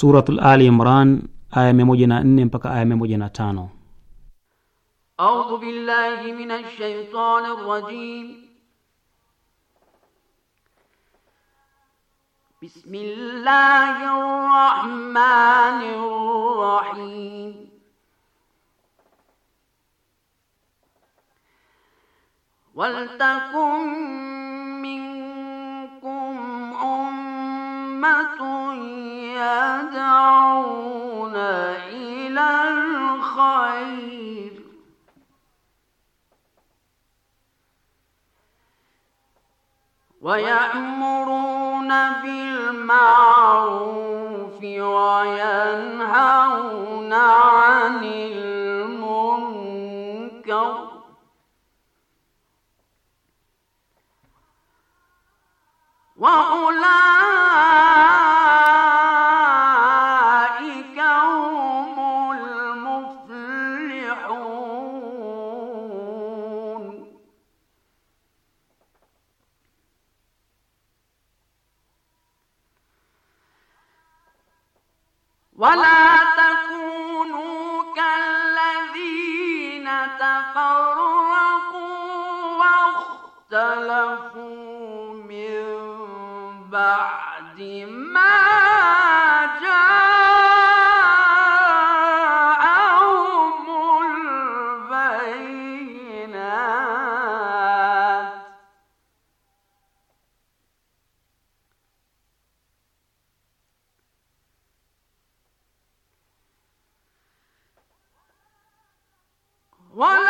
Suratul Ali Imran aya 104 mpaka aya 105. A'udhu billahi minash shaitanir rajim. Bismillahir rahmanir rahim. Wal takum ويأمرون بالمعروف وينهون عن المنكر وأولئك هم المفلحون ولا تكونوا كالذين تفرقوا واختلفوا بعد ما جاءهم البينات ولا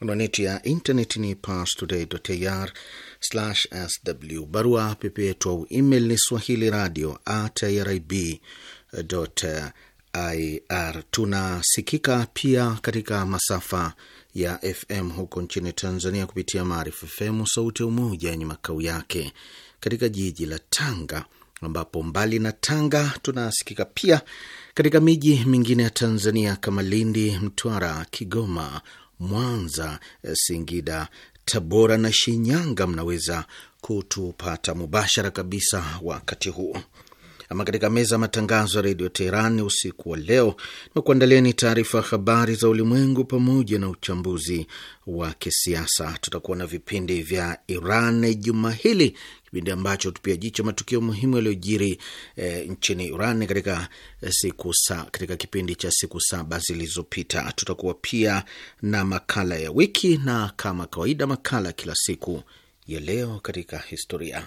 Anwani ya intaneti ni parstoday.ir/sw. Barua pepe yetu au email ni swahili radio at ir. Tunasikika pia katika masafa ya FM huko nchini Tanzania kupitia Maarifa FM sauti ya Umoja yenye makao yake katika jiji la Tanga, ambapo mbali na Tanga tunasikika pia katika miji mingine ya Tanzania kama Lindi, Mtwara, Kigoma, Mwanza, Singida, Tabora na Shinyanga mnaweza kutupata mubashara kabisa wakati huu. Ama katika meza ya matangazo ya redio Teheran usiku wa leo, ni taarifa ya habari za ulimwengu pamoja na uchambuzi wa kisiasa. Tutakuwa na vipindi vya Iran juma hili, kipindi ambacho tupia jicho matukio muhimu yaliyojiri e, nchini Iran katika eh, siku sa, katika kipindi cha siku saba zilizopita. Tutakuwa pia na makala ya wiki na kama kawaida makala kila siku ya leo katika historia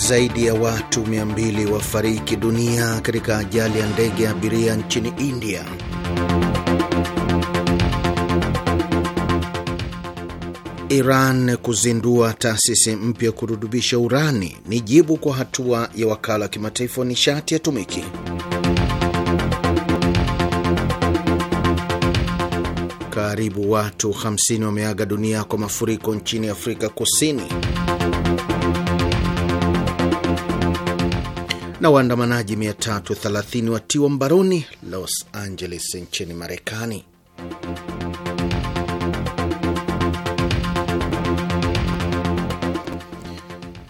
Zaidi ya watu 200 wafariki dunia katika ajali ya ndege ya abiria nchini India. Iran kuzindua taasisi mpya kurutubisha urani ni jibu kwa hatua ya wakala wa kimataifa wa nishati ya tumiki. Karibu watu 50 wameaga dunia kwa mafuriko nchini Afrika Kusini. na waandamanaji 330 watiwa mbaroni Los Angeles nchini Marekani.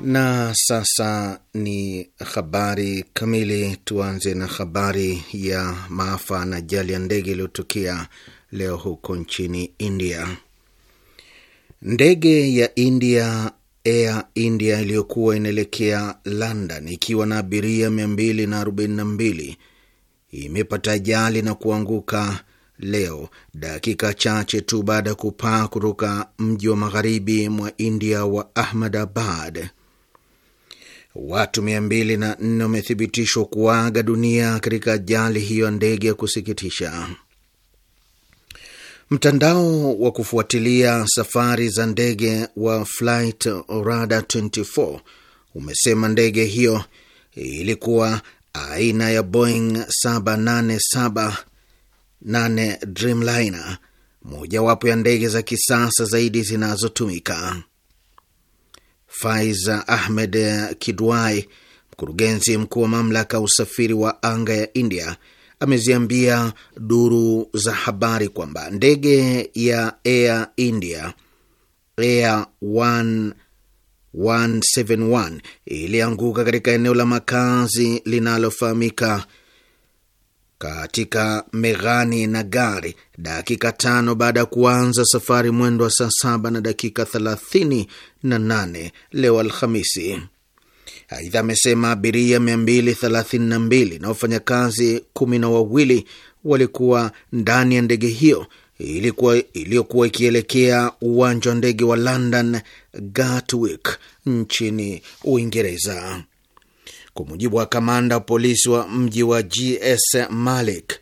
Na sasa ni habari kamili. Tuanze na habari ya maafa na ajali ya ndege iliyotokea leo huko nchini India. Ndege ya India Air India iliyokuwa inaelekea London ikiwa na abiria 242 imepata ajali na kuanguka leo dakika chache tu baada ya kupaa kutoka mji wa magharibi mwa India wa Ahmadabad. Watu 204 wamethibitishwa kuaga dunia katika ajali hiyo ya ndege ya kusikitisha. Mtandao wa kufuatilia safari za ndege wa Flight Radar 24 umesema ndege hiyo ilikuwa aina ya Boeing 787 8 Dreamliner, mojawapo ya ndege za kisasa zaidi zinazotumika. Faiza Ahmed Kidwai, mkurugenzi mkuu wa mamlaka ya usafiri wa anga ya India, ameziambia duru za habari kwamba ndege ya Air India Air 171 ilianguka katika eneo la makazi linalofahamika katika Meghani na gari dakika tano baada ya kuanza safari mwendo wa saa saba na dakika thelathini na nane leo Alhamisi. Aidha, amesema abiria 232 na wafanyakazi kumi na wawili walikuwa ndani ya ndege hiyo iliyokuwa ikielekea uwanja wa ndege wa London Gatwick nchini Uingereza. Kwa mujibu wa kamanda wa polisi wa mji wa GS Malik,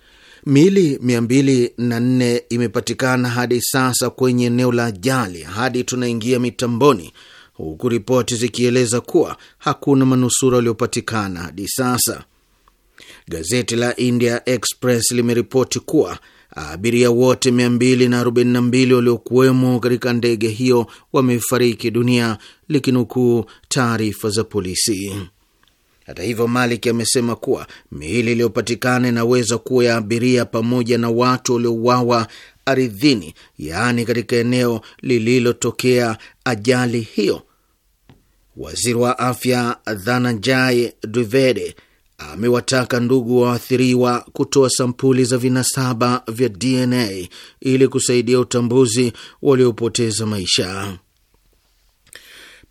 miili 204 imepatikana hadi sasa kwenye eneo la ajali hadi tunaingia mitamboni huku ripoti zikieleza kuwa hakuna manusura waliopatikana hadi sasa. Gazeti la India Express limeripoti kuwa abiria wote 242 waliokuwemo katika ndege hiyo wamefariki dunia, likinukuu taarifa za polisi. Hata hivyo, Malik amesema kuwa miili iliyopatikana inaweza kuwa ya abiria pamoja na watu waliouawa ardhini, yaani katika eneo lililotokea ajali hiyo Waziri wa afya Dhananjay Dwivedi amewataka ndugu waathiriwa kutoa sampuli za vinasaba vya DNA ili kusaidia utambuzi waliopoteza maisha.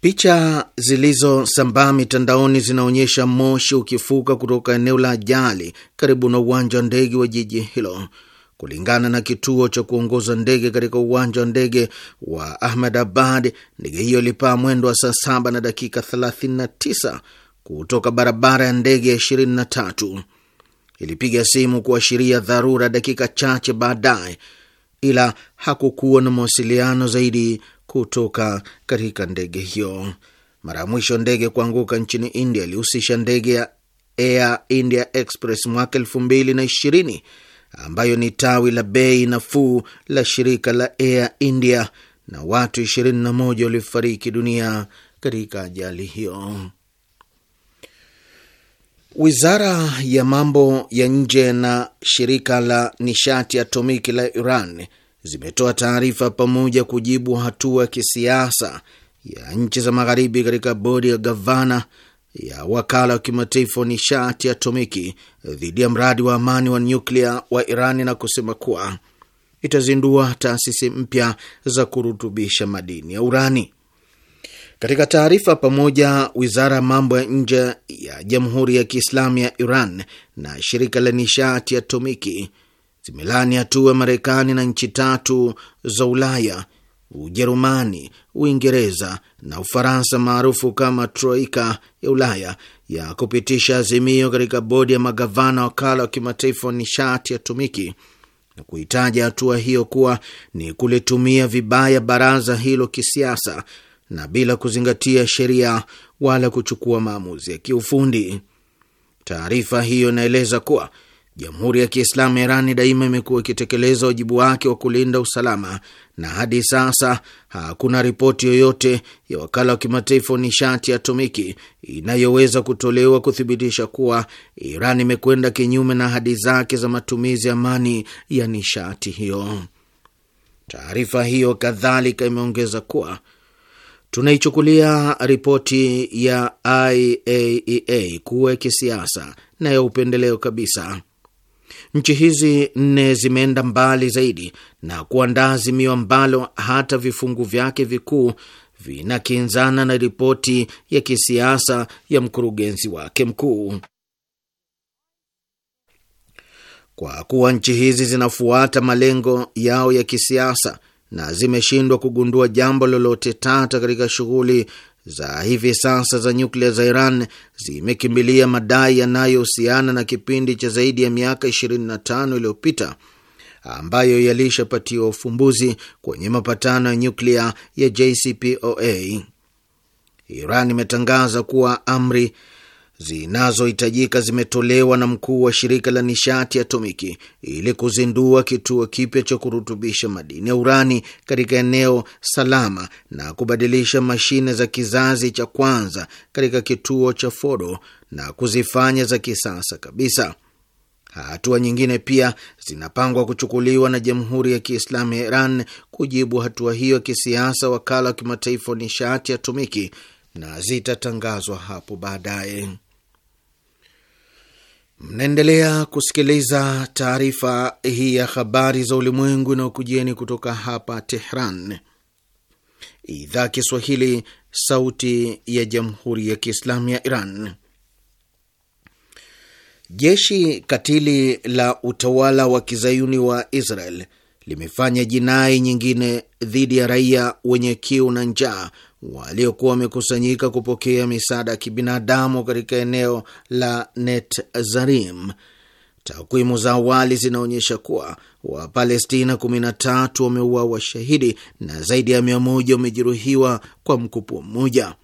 Picha zilizosambaa mitandaoni zinaonyesha moshi ukifuka kutoka eneo la ajali karibu na uwanja wa ndege wa jiji hilo. Kulingana na kituo cha kuongoza ndege katika uwanja wa ndege wa Ahmedabad, ndege hiyo ilipaa mwendo wa saa saba na dakika 39 kutoka barabara ya ndege ya 23. Ilipiga simu kuashiria dharura dakika chache baadaye, ila hakukuwa na mawasiliano zaidi kutoka katika ndege hiyo. Mara ya mwisho ndege kuanguka nchini India ilihusisha ndege ya Air India Express mwaka elfu mbili na ishirini ambayo ni tawi la bei nafuu la shirika la Air India, na watu 21 walifariki dunia katika ajali hiyo. Wizara ya mambo ya nje na shirika la nishati atomiki la Iran zimetoa taarifa pamoja kujibu hatua ya kisiasa ya nchi za magharibi katika bodi ya gavana ya wakala wa kimataifa wa nishati ya atomiki dhidi ya mradi wa amani wa nyuklia wa Irani na kusema kuwa itazindua taasisi mpya za kurutubisha madini ya urani. Katika taarifa pamoja, wizara ya mambo ya nje ya Jamhuri ya Kiislamu ya Iran na shirika la nishati ya atomiki zimelani hatua Marekani na nchi tatu za Ulaya Ujerumani, Uingereza na Ufaransa maarufu kama Troika ya Ulaya ya kupitisha azimio katika bodi ya magavana wakala wa kimataifa wa nishati ya tumiki na kuitaja hatua hiyo kuwa ni kulitumia vibaya baraza hilo kisiasa na bila kuzingatia sheria wala kuchukua maamuzi ya kiufundi. Taarifa hiyo inaeleza kuwa Jamhuri ya Kiislamu ya Irani daima imekuwa ikitekeleza wajibu wake wa kulinda usalama, na hadi sasa hakuna ripoti yoyote ya wakala wa kimataifa wa nishati ya atomiki inayoweza kutolewa kuthibitisha kuwa iran imekwenda kinyume na ahadi zake za matumizi amani ya nishati hiyo. Taarifa hiyo kadhalika imeongeza kuwa tunaichukulia ripoti ya IAEA e kuwa ya kisiasa na ya upendeleo kabisa Nchi hizi nne zimeenda mbali zaidi na kuandaa azimio ambalo hata vifungu vyake vikuu vinakinzana na ripoti ya kisiasa ya mkurugenzi wake mkuu. Kwa kuwa nchi hizi zinafuata malengo yao ya kisiasa na zimeshindwa kugundua jambo lolote tata katika shughuli za hivi sasa za nyuklia za Iran zimekimbilia madai yanayohusiana na kipindi cha zaidi ya miaka 25 iliyopita ambayo yalishapatiwa ufumbuzi kwenye mapatano ya nyuklia ya JCPOA. Iran imetangaza kuwa amri zinazohitajika zimetolewa na mkuu wa shirika la nishati atomiki ili kuzindua kituo kipya cha kurutubisha madini ya urani katika eneo salama na kubadilisha mashine za kizazi cha kwanza katika kituo cha Fordo na kuzifanya za kisasa kabisa. Hatua nyingine pia zinapangwa kuchukuliwa na Jamhuri ya Kiislamu ya Iran kujibu hatua hiyo ya kisiasa, wakala wa kimataifa wa nishati atomiki, na zitatangazwa hapo baadaye. Mnaendelea kusikiliza taarifa hii ya habari za ulimwengu na ukujieni kutoka hapa Tehran, idhaa Kiswahili, sauti ya jamhuri ya kiislamu ya Iran. Jeshi katili la utawala wa kizayuni wa Israel limefanya jinai nyingine dhidi ya raia wenye kiu na njaa waliokuwa wamekusanyika kupokea misaada ya kibinadamu katika eneo la Netzarim. Takwimu za awali zinaonyesha kuwa Wapalestina 13 wameuawa shahidi na zaidi ya 100 wamejeruhiwa kwa mkupuo mmoja.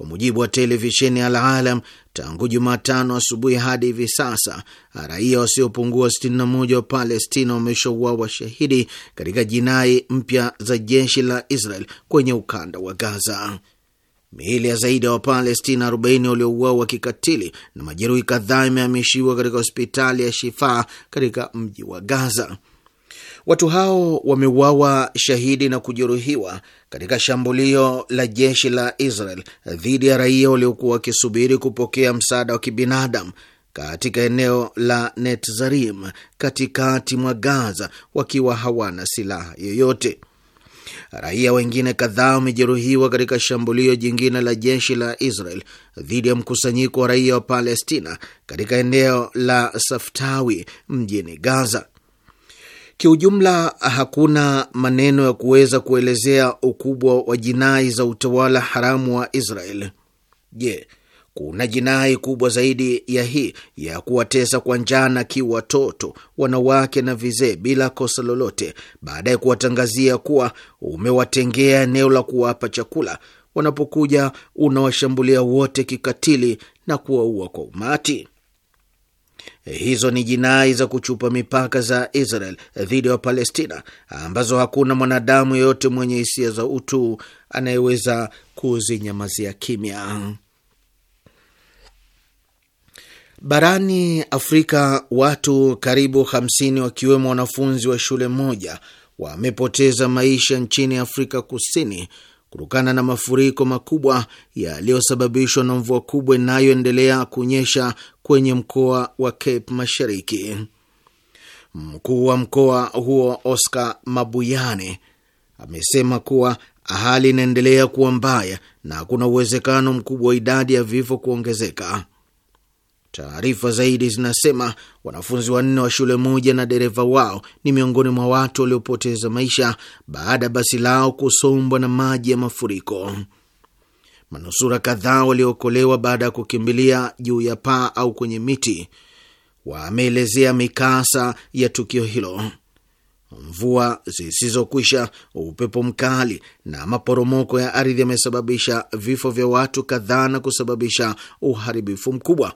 Kwa mujibu wa televisheni Al Alam, tangu Jumatano asubuhi hadi hivi sasa raia wasiopungua 61 wa Palestina wameshauawa washahidi katika jinai mpya za jeshi la Israel kwenye ukanda wa Gaza. Miili ya zaidi ya Wapalestina 40 waliouawa kikatili na majeruhi kadhaa imehamishiwa katika hospitali ya Shifaa katika mji wa Gaza. Watu hao wameuawa shahidi na kujeruhiwa katika shambulio la jeshi la Israel dhidi ya raia waliokuwa wakisubiri kupokea msaada wa kibinadamu katika eneo la Netzarim katikati mwa Gaza wakiwa hawana silaha yoyote. Raia wengine kadhaa wamejeruhiwa katika shambulio jingine la jeshi la Israel dhidi ya mkusanyiko wa raia wa Palestina katika eneo la Saftawi mjini Gaza. Kiujumla, hakuna maneno ya kuweza kuelezea ukubwa wa jinai za utawala haramu wa Israel. Je, kuna jinai kubwa zaidi ya hii ya kuwatesa kwa njaa na kiu watoto, wanawake na vizee bila kosa lolote, baada ya kuwatangazia kuwa umewatengea eneo la kuwapa chakula? Wanapokuja unawashambulia wote kikatili na kuwaua kwa umati. Eh, hizo ni jinai za kuchupa mipaka za Israel dhidi ya Palestina ambazo hakuna mwanadamu yeyote mwenye hisia za utu anayeweza kuzinyamazia kimya. Barani Afrika, watu karibu 50 wakiwemo wanafunzi wa shule moja wamepoteza maisha nchini Afrika Kusini kutokana na mafuriko makubwa yaliyosababishwa na mvua kubwa inayoendelea kunyesha kwenye mkoa wa Cape Mashariki. Mkuu wa mkoa huo Oscar Mabuyane amesema kuwa hali inaendelea kuwa mbaya na kuna uwezekano mkubwa wa idadi ya vifo kuongezeka. Taarifa zaidi zinasema wanafunzi wanne wa shule moja na dereva wao ni miongoni mwa watu waliopoteza maisha baada ya basi lao kusombwa na maji ya mafuriko. Manusura kadhaa waliookolewa baada ya kukimbilia juu ya paa au kwenye miti wameelezea mikasa ya tukio hilo. Mvua zisizokwisha, upepo mkali na maporomoko ya ardhi yamesababisha vifo vya watu kadhaa na kusababisha uharibifu mkubwa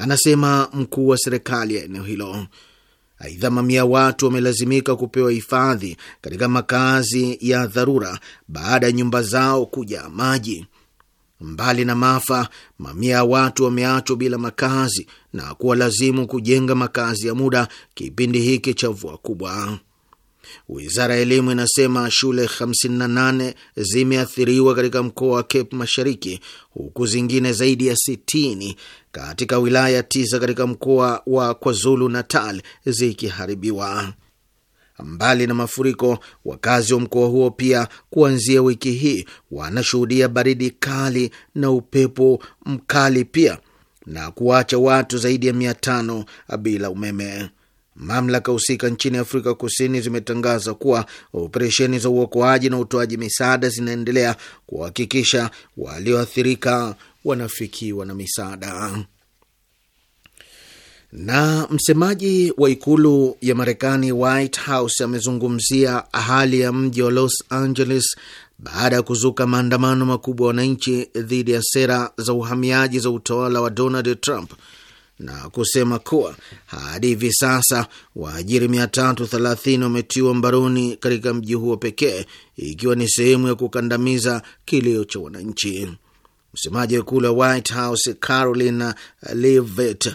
anasema mkuu wa serikali ya eneo hilo. Aidha, mamia ya watu wamelazimika kupewa hifadhi katika makazi ya dharura baada ya nyumba zao kujaa maji. Mbali na maafa, mamia ya watu wameachwa bila makazi na kuwa lazimu kujenga makazi ya muda kipindi hiki cha mvua kubwa. Wizara ya elimu inasema shule 58 zimeathiriwa katika mkoa wa Cape Mashariki, huku zingine zaidi ya 60 katika wilaya tisa katika mkoa wa KwaZulu Natal zikiharibiwa. Mbali na mafuriko, wakazi wa mkoa huo pia kuanzia wiki hii wanashuhudia baridi kali na upepo mkali pia na kuwacha watu zaidi ya mia tano bila umeme. Mamlaka husika nchini Afrika Kusini zimetangaza kuwa operesheni za uokoaji na utoaji misaada zinaendelea kuhakikisha walioathirika wanafikiwa na misaada. Na msemaji wa ikulu ya Marekani, White House, amezungumzia hali ya mji wa Los Angeles baada ya kuzuka maandamano makubwa ya wananchi dhidi ya sera za uhamiaji za utawala wa Donald Trump na kusema kuwa hadi hivi sasa waajiri 330 wametiwa mbaroni katika mji huo pekee, ikiwa ni sehemu ya kukandamiza kilio cha wananchi. Msemaji wa ikulu ya White House Leavitt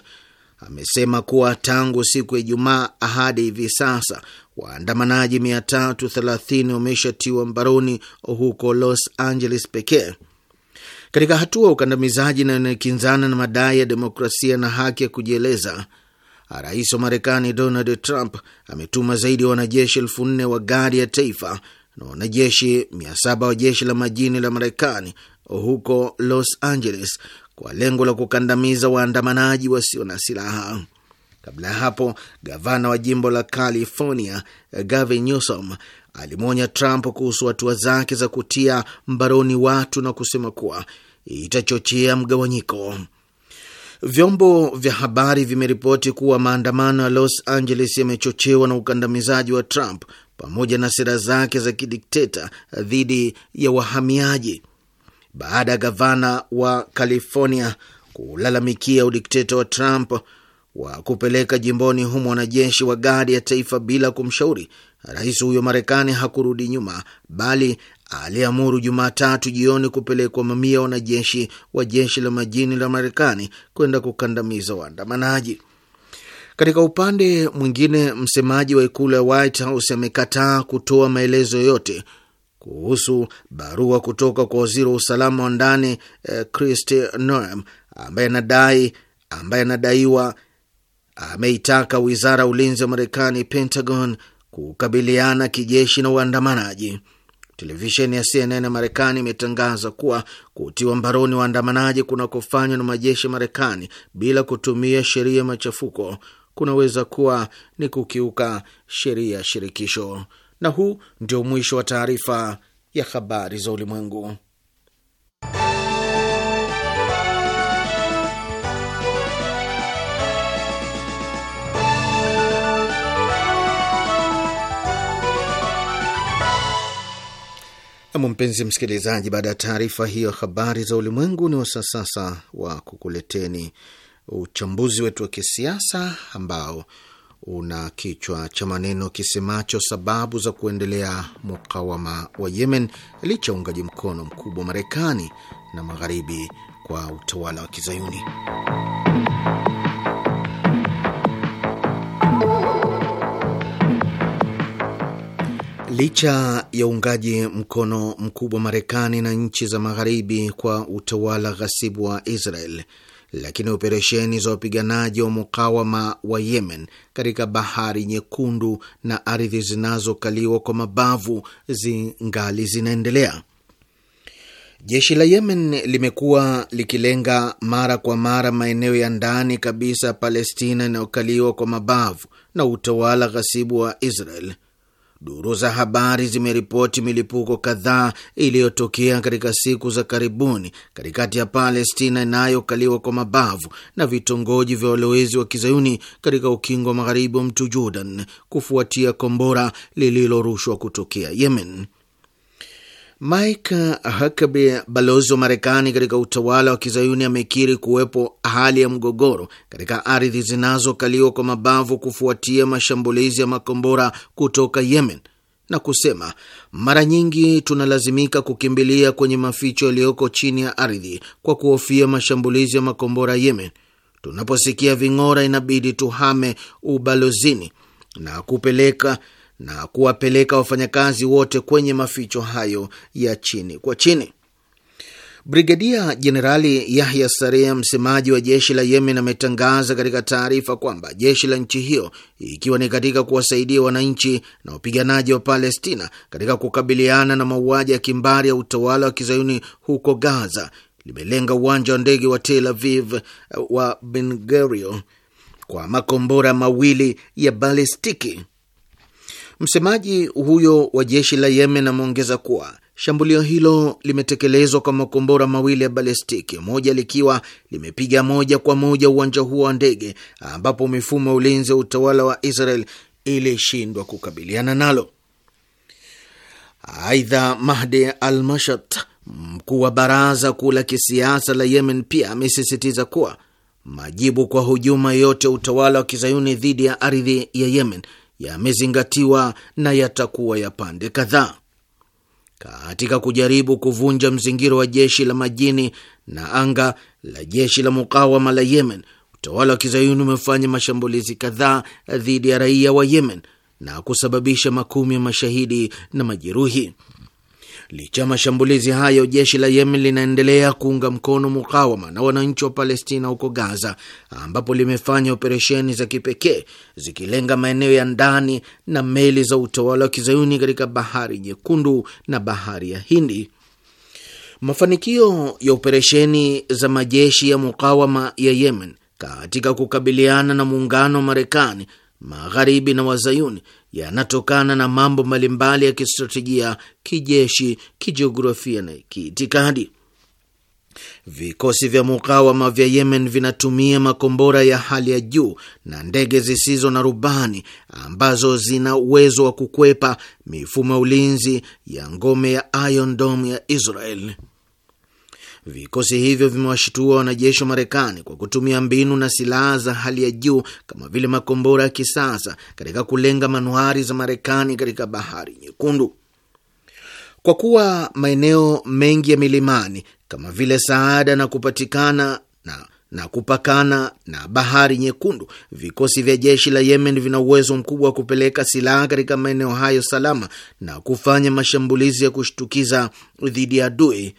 amesema kuwa tangu siku ya Ijumaa hadi hivi sasa waandamanaji 330 wameshatiwa mbaroni huko Los Angeles pekee katika hatua ya ukandamizaji inayokinzana na madai ya demokrasia na haki ya kujieleza. Rais wa Marekani Donald Trump ametuma zaidi ya wanajeshi elfu nne wa gari ya taifa na wanajeshi mia saba wa jeshi la majini la Marekani huko Los Angeles kwa lengo la kukandamiza waandamanaji wasio na silaha. Kabla ya hapo, gavana wa jimbo la California Gavin Newsom alimwonya Trump kuhusu hatua zake za kutia mbaroni watu na kusema kuwa itachochea mgawanyiko. Vyombo vya habari vimeripoti kuwa maandamano ya Los Angeles yamechochewa na ukandamizaji wa Trump pamoja na sera zake za kidikteta dhidi ya wahamiaji baada ya gavana wa California kulalamikia udikteta wa Trump wa kupeleka jimboni humo wanajeshi wa gadi ya taifa bila kumshauri Rais huyo Marekani hakurudi nyuma, bali aliamuru Jumatatu jioni kupelekwa mamia wanajeshi wa jeshi la majini la Marekani kwenda kukandamiza waandamanaji. Katika upande mwingine, msemaji wa ikulu ya White House amekataa kutoa maelezo yote kuhusu barua kutoka kwa waziri wa usalama wa ndani eh, Kristi Noem ambaye anadai ambaye anadaiwa ameitaka wizara ya ulinzi wa Marekani, Pentagon, kukabiliana kijeshi na uandamanaji. Televisheni ya CNN ya Marekani imetangaza kuwa kutiwa mbaroni waandamanaji kunakofanywa na majeshi ya Marekani bila kutumia sheria ya machafuko kunaweza kuwa ni kukiuka sheria ya shirikisho. Na huu ndio mwisho wa taarifa ya habari za ulimwengu. Nam, mpenzi msikilizaji, baada ya taarifa hiyo habari za ulimwengu, ni wasaa sasa wa kukuleteni uchambuzi wetu wa kisiasa ambao una kichwa cha maneno kisemacho sababu za kuendelea mukawama wa Yemen licha ya uungaji mkono mkubwa wa Marekani na magharibi kwa utawala wa Kizayuni. Licha ya uungaji mkono mkubwa Marekani na nchi za Magharibi kwa utawala ghasibu wa Israel, lakini operesheni za wapiganaji wa mukawama wa Yemen katika Bahari Nyekundu na ardhi zinazokaliwa kwa mabavu zingali zinaendelea. Jeshi la Yemen limekuwa likilenga mara kwa mara maeneo ya ndani kabisa Palestina inayokaliwa kwa mabavu na utawala ghasibu wa Israel Duru za habari zimeripoti milipuko kadhaa iliyotokea katika siku za karibuni katikati ya Palestina inayokaliwa kwa mabavu na vitongoji vya walowezi wa kizayuni katika ukingo wa magharibi wa mto Jordan kufuatia kombora lililorushwa kutokea Yemen. Mike Huckabee, balozi wa Marekani katika utawala wa kizayuni, amekiri kuwepo hali ya mgogoro katika ardhi zinazokaliwa kwa mabavu kufuatia mashambulizi ya makombora kutoka Yemen na kusema mara nyingi tunalazimika kukimbilia kwenye maficho yaliyoko chini ya ardhi kwa kuhofia mashambulizi ya makombora Yemen. Tunaposikia ving'ora, inabidi tuhame ubalozini na kupeleka na kuwapeleka wafanyakazi wote kwenye maficho hayo ya chini kwa chini. Brigedia Jenerali Yahya Saria, msemaji wa jeshi la Yemen, ametangaza katika taarifa kwamba jeshi la nchi hiyo, ikiwa ni katika kuwasaidia wananchi na wapiganaji wa Palestina katika kukabiliana na mauaji ya kimbari ya utawala wa kizayuni huko Gaza, limelenga uwanja wa ndege wa Tel Aviv eh, wa Ben Gurion kwa makombora mawili ya balistiki Msemaji huyo wa jeshi la Yemen ameongeza kuwa shambulio hilo limetekelezwa kwa makombora mawili ya balestiki moja likiwa limepiga moja kwa moja uwanja huo wa ndege ambapo mifumo ya ulinzi wa utawala wa Israel ilishindwa kukabiliana nalo. Aidha, Mahdi al Mashat, mkuu wa baraza kuu la kisiasa la Yemen, pia amesisitiza kuwa majibu kwa hujuma yote ya utawala wa kizayuni dhidi ya ardhi ya Yemen yamezingatiwa na yatakuwa ya pande kadhaa. Katika kujaribu kuvunja mzingiro wa jeshi la majini na anga la jeshi la mukawama la Yemen, utawala wa kizayuni umefanya mashambulizi kadhaa dhidi ya raia wa Yemen na kusababisha makumi ya mashahidi na majeruhi. Licha ya mashambulizi hayo, jeshi la Yemen linaendelea kuunga mkono mukawama na wananchi wa Palestina huko Gaza, ambapo limefanya operesheni za kipekee zikilenga maeneo ya ndani na meli za utawala wa kizayuni katika Bahari Nyekundu na Bahari ya Hindi. Mafanikio ya operesheni za majeshi ya mukawama ya Yemen katika kukabiliana na muungano wa Marekani, Magharibi na Wazayuni yanatokana na mambo mbalimbali ya kistratejia, kijeshi, kijiografia na kiitikadi. Vikosi vya mukawama vya Yemen vinatumia makombora ya hali ya juu na ndege zisizo na rubani ambazo zina uwezo wa kukwepa mifumo ya ulinzi ya ngome ya Iron Dome ya Israel. Vikosi hivyo vimewashitua wanajeshi wa Marekani kwa kutumia mbinu na silaha za hali ya juu kama vile makombora ya kisasa katika kulenga manuari za Marekani katika Bahari Nyekundu. Kwa kuwa maeneo mengi ya milimani kama vile Saada na kupatikana na na kupakana na bahari Nyekundu, vikosi vya jeshi la Yemen vina uwezo mkubwa wa kupeleka silaha katika maeneo hayo salama na kufanya mashambulizi ya kushtukiza dhidi ya adui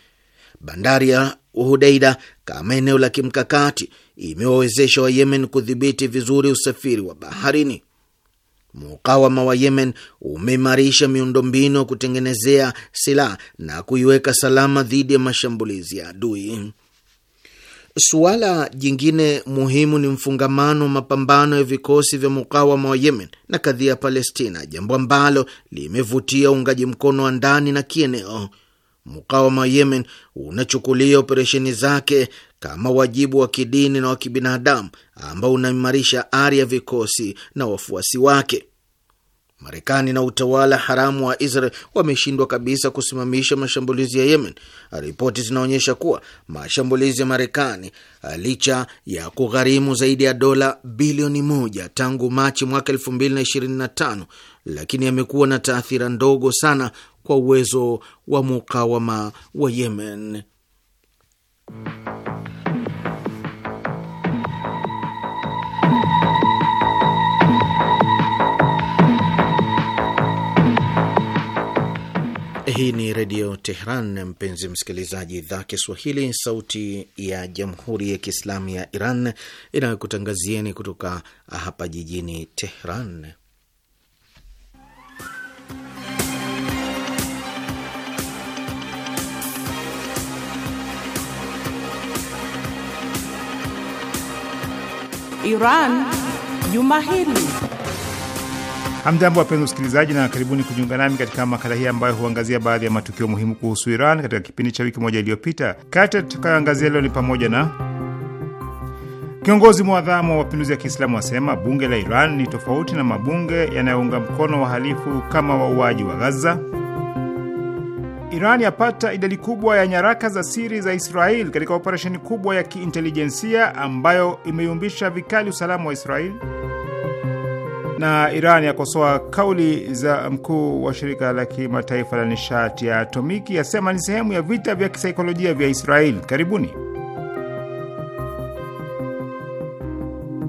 Bandari ya Hudeida kama eneo la kimkakati imewawezesha Wayemen kudhibiti vizuri usafiri wa baharini. Mukawama wa Yemen umeimarisha miundombinu ya kutengenezea silaha na kuiweka salama dhidi ya mashambulizi ya adui. Suala jingine muhimu ni mfungamano wa mapambano ya vikosi vya mukawama wa Yemen na kadhia ya Palestina, jambo ambalo limevutia uungaji mkono wa ndani na kieneo mukawama wa Yemen unachukulia operesheni zake kama wajibu wa kidini na wa kibinadamu ambao unaimarisha ari ya vikosi na wafuasi wake. Marekani na utawala haramu wa Israel wameshindwa kabisa kusimamisha mashambulizi ya Yemen. Ripoti zinaonyesha kuwa mashambulizi ya Marekani, licha ya kugharimu zaidi ya dola bilioni moja tangu Machi mwaka 2025, lakini yamekuwa na taathira ndogo sana kwa uwezo wa mukawama wa Yemen. Hii ni Redio Tehran, mpenzi msikilizaji, idhaa Kiswahili, sauti ya jamhuri ya kiislamu ya Iran inayokutangazieni kutoka hapa jijini Tehran. Iran juma hili. Hamjambo, wapenzi usikilizaji, na karibuni kujiunga nami katika makala hii ambayo huangazia baadhi ya matukio muhimu kuhusu Iran katika kipindi cha wiki moja iliyopita. Kati tutakayoangazia leo ni pamoja na kiongozi mwadhamu wa mapinduzi ya Kiislamu asema bunge la Iran ni tofauti na mabunge yanayounga mkono wahalifu kama wauaji wa Gaza. Iran yapata idadi kubwa ya nyaraka za siri za Israel katika operesheni kubwa ya kiintelijensia ambayo imeyumbisha vikali usalama wa Israel. Na Iran yakosoa kauli za mkuu wa shirika la kimataifa la nishati ya atomiki, yasema ni sehemu ya vita vya kisaikolojia vya Israel. Karibuni.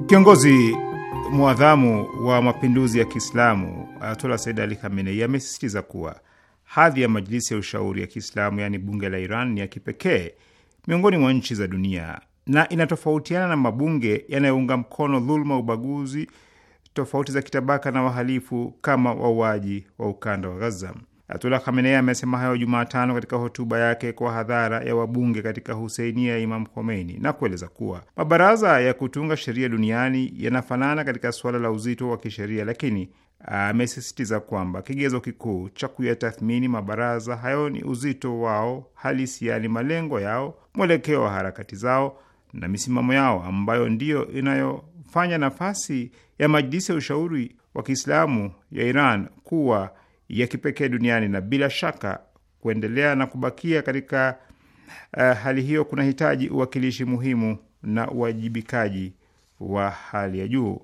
Kiongozi mwadhamu wa mapinduzi ya Kiislamu Ayatollah Said Ali Khamenei amesisitiza kuwa hadhi ya Majlisi ya Ushauri ya Kiislamu, yaani bunge la Iran, ni ya kipekee miongoni mwa nchi za dunia na inatofautiana na mabunge yanayounga mkono dhuluma, ubaguzi, tofauti za kitabaka na wahalifu kama wauaji wa ukanda wa Gaza. Ayatullah Khamenei amesema hayo Jumatano katika hotuba yake kwa hadhara ya wabunge katika Huseinia ya Imam Khomeini na kueleza kuwa mabaraza ya kutunga sheria duniani yanafanana katika suala la uzito wa kisheria, lakini amesisitiza kwamba kigezo kikuu cha kuyatathmini mabaraza hayo ni uzito wao halisi, yaani malengo yao, mwelekeo wa harakati zao na misimamo yao, ambayo ndiyo inayofanya nafasi ya Majlisi ya Ushauri wa Kiislamu ya Iran kuwa ya kipekee duniani na bila shaka kuendelea na kubakia katika uh, hali hiyo kunahitaji uwakilishi muhimu na uwajibikaji wa hali ya juu.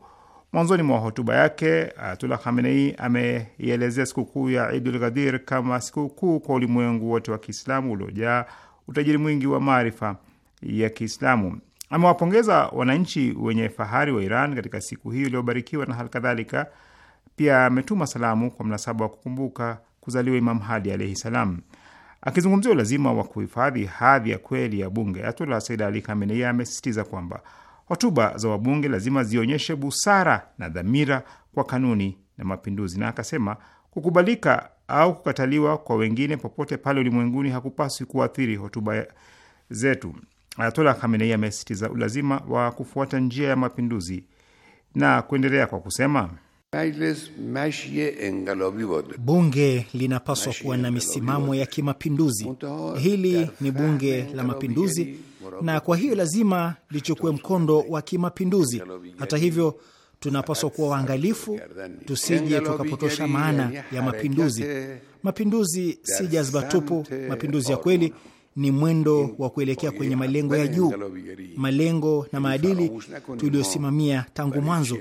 Mwanzoni mwa hotuba yake Ayatullah Khamenei ameielezea sikukuu ya Idul Ghadir kama sikukuu kwa ulimwengu wote wa Kiislamu uliojaa utajiri mwingi wa maarifa ya Kiislamu. Amewapongeza wananchi wenye fahari wa Iran katika siku hii iliyobarikiwa na halikadhalika pia ametuma salamu kwa mnasaba wa kukumbuka kuzaliwa Imam Hadi alaihi salam. Akizungumzia ulazima wa kuhifadhi hadhi ya kweli ya bunge, Ayatullah Said Ali Khamenei amesisitiza kwamba hotuba za wabunge lazima zionyeshe busara na dhamira kwa kanuni na mapinduzi, na akasema kukubalika au kukataliwa kwa wengine popote pale ulimwenguni hakupaswi kuathiri hotuba zetu. Ayatollah Khamenei amesisitiza ulazima wa kufuata njia ya mapinduzi na kuendelea kwa kusema Bunge linapaswa kuwa na misimamo ya kimapinduzi. Hili ni bunge la mapinduzi, na kwa hiyo lazima lichukue mkondo wa kimapinduzi. Hata hivyo, tunapaswa kuwa waangalifu tusije tukapotosha maana ya mapinduzi. Mapinduzi si jazba tupu. Mapinduzi ya kweli ni mwendo wa kuelekea kwenye malengo ya juu, malengo na maadili tuliyosimamia tangu mwanzo.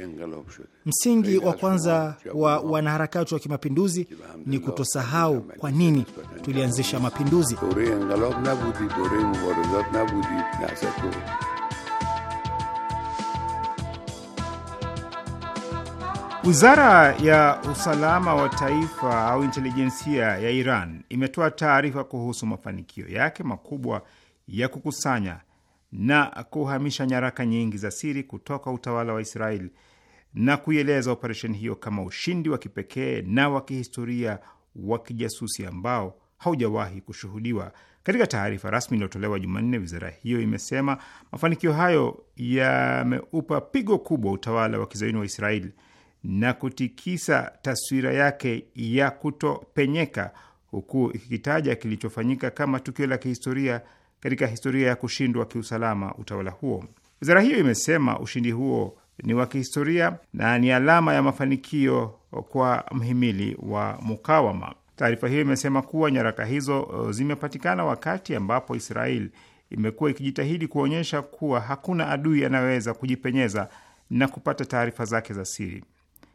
Msingi wa kwanza wa wanaharakati wa kimapinduzi ni kutosahau kwa nini tulianzisha mapinduzi. Wizara ya usalama wa taifa au intelijensia ya Iran imetoa taarifa kuhusu mafanikio yake makubwa ya kukusanya na kuhamisha nyaraka nyingi za siri kutoka utawala wa israel na kuieleza operesheni hiyo kama ushindi wa kipekee na wa kihistoria wa kijasusi ambao haujawahi kushuhudiwa. Katika taarifa rasmi iliyotolewa Jumanne, wizara hiyo imesema mafanikio hayo yameupa pigo kubwa utawala wa kizayuni wa Israeli na kutikisa taswira yake ya kutopenyeka, huku ikikitaja kilichofanyika kama tukio la kihistoria katika historia ya kushindwa kiusalama utawala huo. Wizara hiyo imesema ushindi huo ni wa kihistoria na ni alama ya mafanikio kwa mhimili wa mukawama. Taarifa hiyo imesema kuwa nyaraka hizo uh, zimepatikana wakati ambapo Israel imekuwa ikijitahidi kuonyesha kuwa hakuna adui anayeweza kujipenyeza na kupata taarifa zake za siri.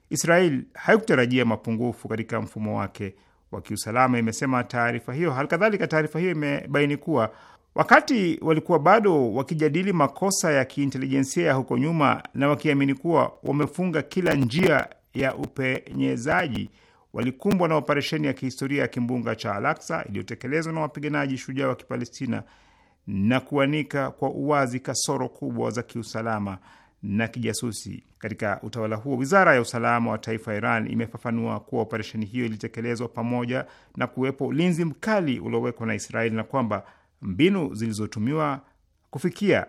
Israel haikutarajia mapungufu katika mfumo wake wa kiusalama, imesema taarifa hiyo. Halikadhalika, taarifa hiyo imebaini kuwa wakati walikuwa bado wakijadili makosa ya kiintelijensia ya huko nyuma na wakiamini kuwa wamefunga kila njia ya upenyezaji, walikumbwa na operesheni ya kihistoria ya kimbunga cha Al-Aqsa iliyotekelezwa na wapiganaji shujaa wa Kipalestina na kuanika kwa uwazi kasoro kubwa za kiusalama na kijasusi katika utawala huo. Wizara ya usalama wa taifa ya Iran imefafanua kuwa operesheni hiyo ilitekelezwa pamoja na kuwepo ulinzi mkali uliowekwa na Israeli na kwamba mbinu zilizotumiwa kufikia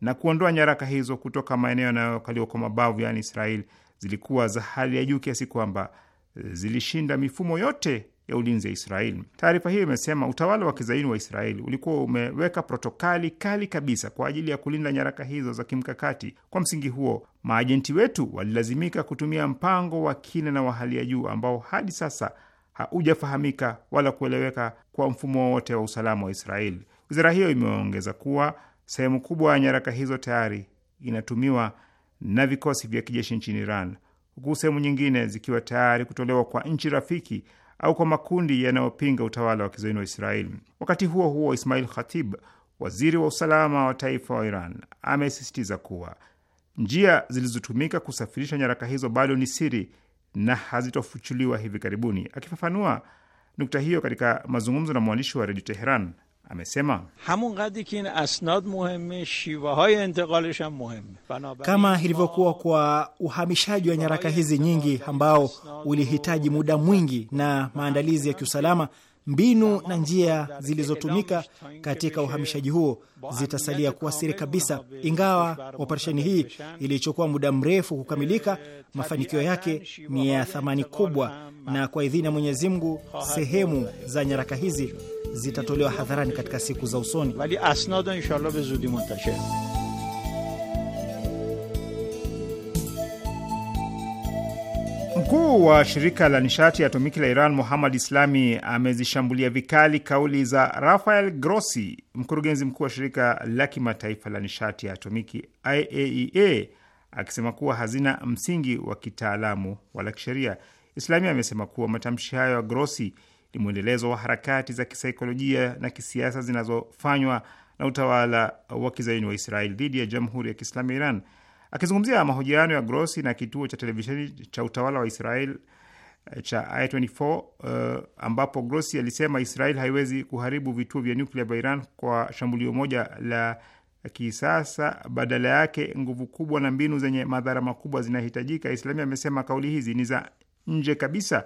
na kuondoa nyaraka hizo kutoka maeneo yanayokaliwa kwa mabavu, yaani Israeli, zilikuwa za hali ya juu kiasi kwamba zilishinda mifumo yote ya ulinzi ya Israeli. Taarifa hiyo imesema utawala wa kizaini wa Israeli ulikuwa umeweka protokali kali kabisa kwa ajili ya kulinda nyaraka hizo za kimkakati. Kwa msingi huo, maajenti wetu walilazimika kutumia mpango wa kina na wa hali ya juu ambao hadi sasa haujafahamika wala kueleweka kwa mfumo wowote wa usalama wa Israeli. Wizara hiyo imeongeza kuwa sehemu kubwa ya nyaraka hizo tayari inatumiwa na vikosi vya kijeshi nchini Iran, huku sehemu nyingine zikiwa tayari kutolewa kwa nchi rafiki au kwa makundi yanayopinga utawala wa kizayuni wa Israeli. Wakati huo huo, Ismail Khatib, waziri wa usalama wa taifa wa Iran, amesisitiza kuwa njia zilizotumika kusafirisha nyaraka hizo bado ni siri na hazitofuchuliwa hivi karibuni. Akifafanua nukta hiyo katika mazungumzo na mwandishi wa redio Teheran, Amesema kama ilivyokuwa kwa uhamishaji wa nyaraka hizi nyingi ambao ulihitaji muda mwingi na maandalizi ya kiusalama, Mbinu na njia zilizotumika katika uhamishaji huo zitasalia kuwa siri kabisa, ingawa operesheni hii ilichukua muda mrefu kukamilika. Mafanikio yake ni ya thamani kubwa, na kwa idhini ya Mwenyezi Mungu sehemu za nyaraka hizi zitatolewa hadharani katika siku za usoni. Mkuu wa shirika la nishati ya atomiki la Iran Muhammad Islami amezishambulia vikali kauli za Rafael Grossi, mkurugenzi mkuu wa shirika la kimataifa la nishati ya atomiki IAEA, e akisema kuwa hazina msingi wa kitaalamu wala kisheria. Islami amesema kuwa matamshi hayo ya Grossi ni mwendelezo wa harakati za kisaikolojia na kisiasa zinazofanywa na utawala wa kizayuni wa Israeli dhidi ya jamhuri ya kiislamu ya Iran. Akizungumzia mahojiano ya Grossi na kituo cha televisheni cha utawala wa Israel eh, cha I24 uh, eh, ambapo Grossi alisema Israel haiwezi kuharibu vituo vya nyuklia vya Iran kwa shambulio moja la kisasa. Badala yake, nguvu kubwa na mbinu zenye madhara makubwa zinahitajika. islami amesema kauli hizi ni za nje kabisa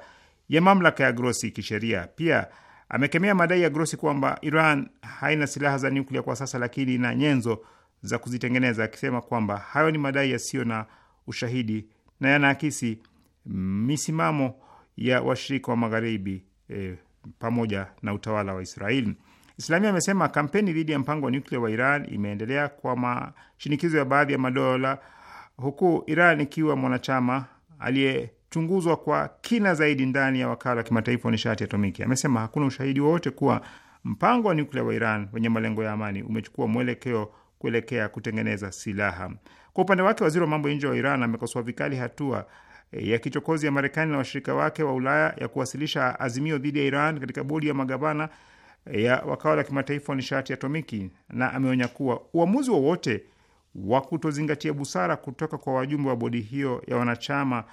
ya mamlaka ya Grossi kisheria. Pia amekemea madai ya Grossi kwamba Iran haina silaha za nyuklia kwa sasa, lakini ina nyenzo za kuzitengeneza, akisema kwamba hayo ni madai yasiyo na ushahidi na yanaakisi misimamo ya washirika wa magharibi e, pamoja na utawala wa Israeli. Islamia amesema kampeni dhidi ya mpango wa nyuklia wa Iran imeendelea kwa mashinikizo ya baadhi ya madola, huku Iran ikiwa mwanachama aliyechunguzwa kwa kina zaidi ndani ya wakala wa kimataifa wa nishati atomiki. Amesema hakuna ushahidi wowote kuwa mpango wa nyuklia wa Iran wenye malengo ya amani umechukua mwelekeo kuelekea kutengeneza silaha. Kwa upande wake, waziri wa mambo ya nje wa Iran amekosoa vikali hatua eh, ya kichokozi ya Marekani na washirika wake wa Ulaya ya kuwasilisha azimio dhidi ya Iran katika bodi ya magavana eh, ya wakala wa kimataifa wa nishati atomiki, na ameonya kuwa uamuzi wowote wa kutozingatia busara kutoka kwa wajumbe wa bodi hiyo ya wanachama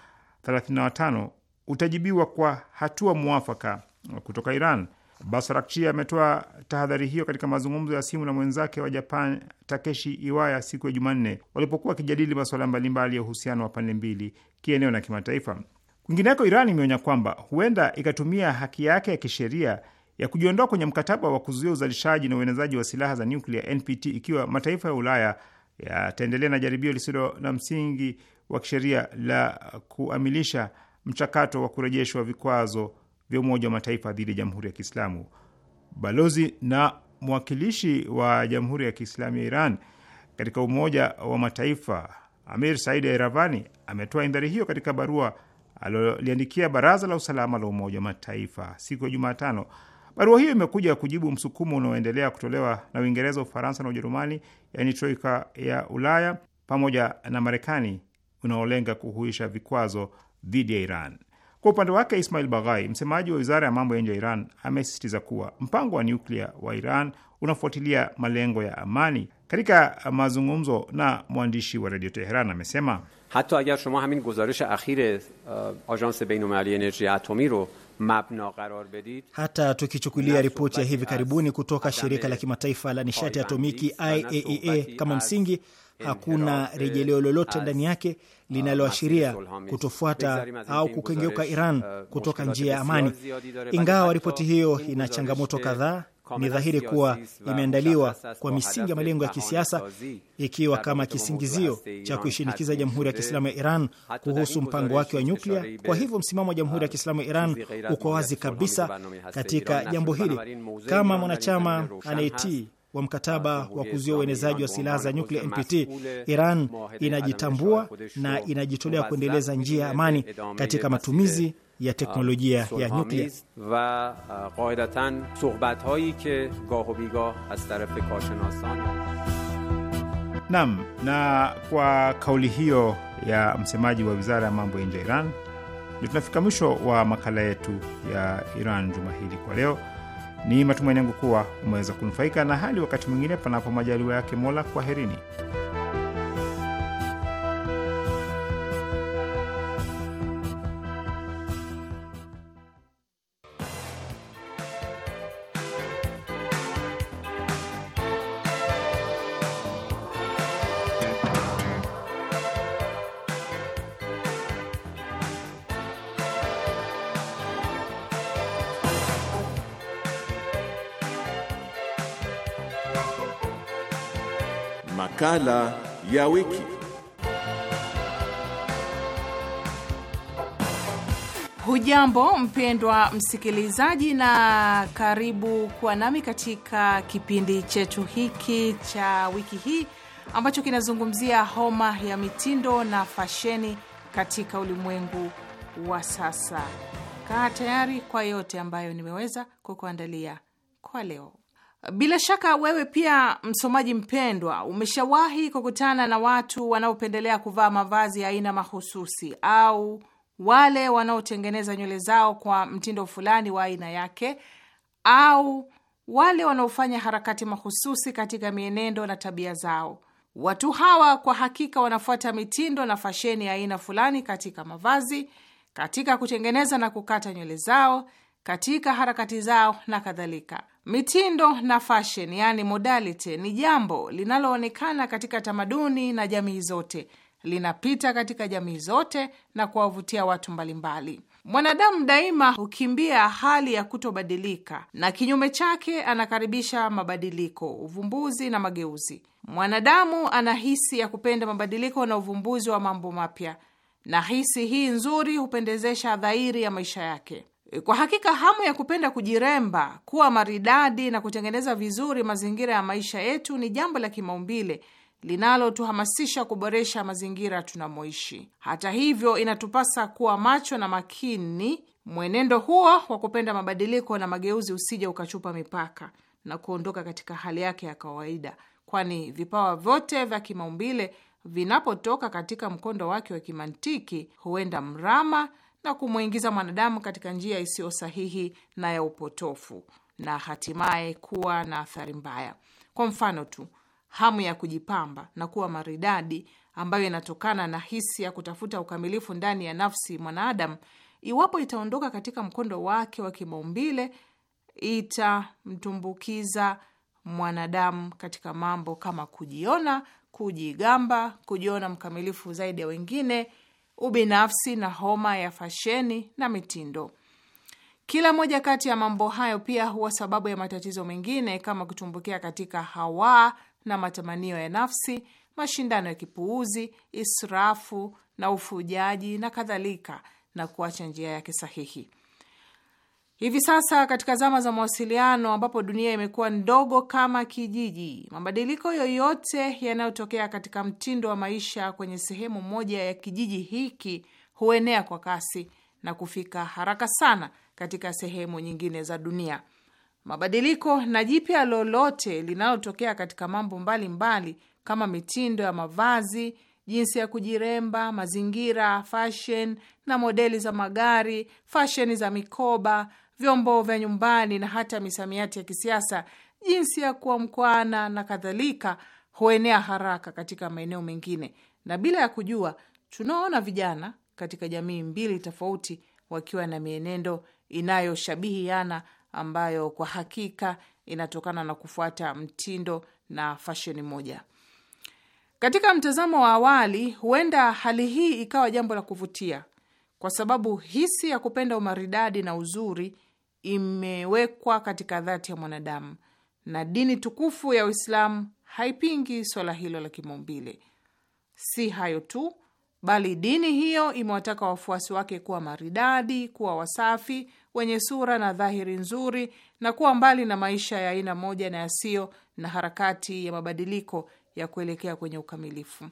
35 utajibiwa kwa hatua mwafaka kutoka Iran. Basrakchi ametoa tahadhari hiyo katika mazungumzo ya simu na mwenzake wa Japan Takeshi Iwaya siku ya Jumanne walipokuwa wakijadili masuala mbalimbali ya uhusiano wa pande mbili kieneo na kimataifa. Kwingineko, Iran imeonya kwamba huenda ikatumia haki yake ya kisheria ya kujiondoa kwenye mkataba wa kuzuia uzalishaji na uenezaji wa silaha za nuklia NPT ikiwa mataifa ya Ulaya yataendelea na jaribio lisilo na msingi wa kisheria la kuamilisha mchakato wa kurejeshwa vikwazo vya Umoja wa Mataifa dhidi ya Jamhuri ya Kiislamu. Balozi na mwakilishi wa Jamhuri ya Kiislamu ya Iran katika Umoja wa Mataifa Amir Said Eravani ametoa indhari hiyo katika barua aloliandikia Baraza la Usalama la Umoja wa Mataifa siku ya Jumatano. Barua hiyo imekuja kujibu msukumo unaoendelea kutolewa na Uingereza, Ufaransa na Ujerumani, yaani troika ya Ulaya pamoja na Marekani, unaolenga kuhuisha vikwazo dhidi ya Iran. Kwa upande wake, Ismail Baghai, msemaji wa wizara ya mambo ya nje ya Iran, amesisitiza kuwa mpango wa nyuklia wa Iran unafuatilia malengo ya amani. Katika mazungumzo na mwandishi wa redio Teheran amesema hata agar shoma hamin guzarish akhir uh, ajans bainulmalali enerji atomi ro hata tukichukulia ripoti ya hivi karibuni kutoka shirika la kimataifa la nishati atomiki IAEA e kama msingi, hakuna eh, rejeleo lolote ndani yake uh, linaloashiria kutofuata au kukengeuka Iran uh, kutoka njia ya amani, ingawa ripoti hiyo ina changamoto eh, kadhaa ni dhahiri kuwa imeandaliwa kwa misingi ya malengo ya kisiasa, ikiwa kama kisingizio cha kuishinikiza Jamhuri ya Kiislamu ya Iran kuhusu mpango wake wa nyuklia. Kwa hivyo msimamo wa Jamhuri ya Kiislamu ya Iran uko wazi kabisa katika jambo hili. Kama mwanachama anayetii wa mkataba wa kuzuia uenezaji wa silaha za nyuklia NPT, Iran inajitambua na inajitolea kuendeleza njia ya amani katika matumizi ya teknolojia ya nyuklia. Nam. Na kwa kauli hiyo ya msemaji wa wizara ya mambo ya nje ya Iran, ndio tunafika mwisho wa makala yetu ya Iran juma hili kwa leo. Ni matumaini yangu kuwa umeweza kunufaika na hali wakati mwingine, panapo majaliwa yake Mola. Kwaherini. makala ya wiki. Hujambo mpendwa msikilizaji, na karibu kuwa nami katika kipindi chetu hiki cha wiki hii ambacho kinazungumzia homa ya mitindo na fasheni katika ulimwengu wa sasa. Kaa tayari kwa yote ambayo nimeweza kukuandalia kwa leo. Bila shaka wewe pia msomaji mpendwa, umeshawahi kukutana na watu wanaopendelea kuvaa mavazi ya aina mahususi au wale wanaotengeneza nywele zao kwa mtindo fulani wa aina yake au wale wanaofanya harakati mahususi katika mienendo na tabia zao. Watu hawa kwa hakika wanafuata mitindo na fasheni ya aina fulani katika mavazi, katika kutengeneza na kukata nywele zao, katika harakati zao na kadhalika. Mitindo na fashion, yani modality, ni jambo linaloonekana katika tamaduni na jamii zote, linapita katika jamii zote na kuwavutia watu mbalimbali. Mwanadamu daima hukimbia hali ya kutobadilika na kinyume chake anakaribisha mabadiliko, uvumbuzi na mageuzi. Mwanadamu ana hisi ya kupenda mabadiliko na uvumbuzi wa mambo mapya, na hisi hii nzuri hupendezesha dhahiri ya maisha yake. Kwa hakika hamu ya kupenda kujiremba, kuwa maridadi na kutengeneza vizuri mazingira ya maisha yetu ni jambo la kimaumbile linalotuhamasisha kuboresha mazingira tunamoishi. Hata hivyo, inatupasa kuwa macho na makini mwenendo huo wa kupenda mabadiliko na mageuzi usije ukachupa mipaka na kuondoka katika hali yake ya kawaida, kwani vipawa vyote vya kimaumbile vinapotoka katika mkondo wake wa kimantiki huenda mrama na kumwingiza mwanadamu katika njia isiyo sahihi na ya upotofu na hatimaye kuwa na athari mbaya. Kwa mfano tu, hamu ya kujipamba na kuwa maridadi ambayo inatokana na hisi ya kutafuta ukamilifu ndani ya nafsi mwanadamu, iwapo itaondoka katika mkondo wake wa kimaumbile, itamtumbukiza mwanadamu katika mambo kama kujiona, kujigamba, kujiona mkamilifu zaidi ya wengine ubinafsi na homa ya fasheni na mitindo. Kila moja kati ya mambo hayo pia huwa sababu ya matatizo mengine kama kutumbukia katika hawa na matamanio ya nafsi, mashindano ya kipuuzi, israfu na ufujaji na kadhalika, na kuacha njia yake sahihi. Hivi sasa katika zama za mawasiliano ambapo dunia imekuwa ndogo kama kijiji, mabadiliko yoyote yanayotokea katika mtindo wa maisha kwenye sehemu moja ya kijiji hiki huenea kwa kasi na kufika haraka sana katika sehemu nyingine za dunia. Mabadiliko na jipya lolote linalotokea katika mambo mbalimbali mbali, kama mitindo ya mavazi, jinsi ya kujiremba, mazingira, fashion na modeli za magari, fashion za mikoba vyombo vya nyumbani na hata misamiati ya kisiasa, jinsi ya kuamkwana na kadhalika, huenea haraka katika maeneo mengine, na bila ya kujua tunaona vijana katika jamii mbili tofauti wakiwa na mienendo inayoshabihiana ambayo kwa hakika inatokana na kufuata mtindo na fasheni moja. Katika mtazamo wa awali, huenda hali hii ikawa jambo la kuvutia, kwa sababu hisi ya kupenda umaridadi na uzuri imewekwa katika dhati ya mwanadamu na dini tukufu ya Uislamu haipingi swala hilo la kimaumbile. Si hayo tu, bali dini hiyo imewataka wafuasi wake kuwa maridadi, kuwa wasafi, wenye sura na dhahiri nzuri, na kuwa mbali na maisha ya aina moja na yasiyo na harakati ya mabadiliko ya kuelekea kwenye ukamilifu.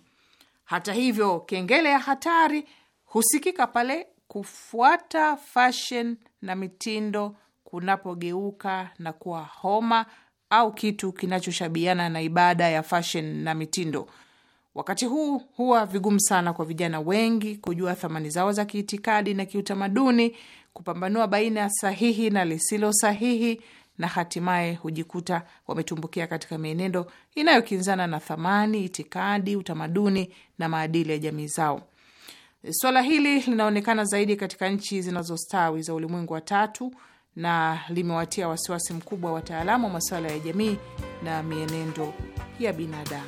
Hata hivyo, kengele ya hatari husikika pale kufuata fashion na mitindo kunapogeuka na kuwa homa au kitu kinachoshabiana na ibada ya fashion na mitindo. Wakati huu huwa vigumu sana kwa vijana wengi kujua thamani zao za kiitikadi na kiutamaduni, kupambanua baina ya sahihi na lisilo sahihi, na hatimaye hujikuta wametumbukia katika mienendo inayokinzana na thamani, itikadi, utamaduni na maadili ya jamii zao. Swala hili linaonekana zaidi katika nchi zinazostawi za ulimwengu wa tatu na limewatia wasiwasi mkubwa wataalamu wa masuala ya jamii na mienendo ya binadamu.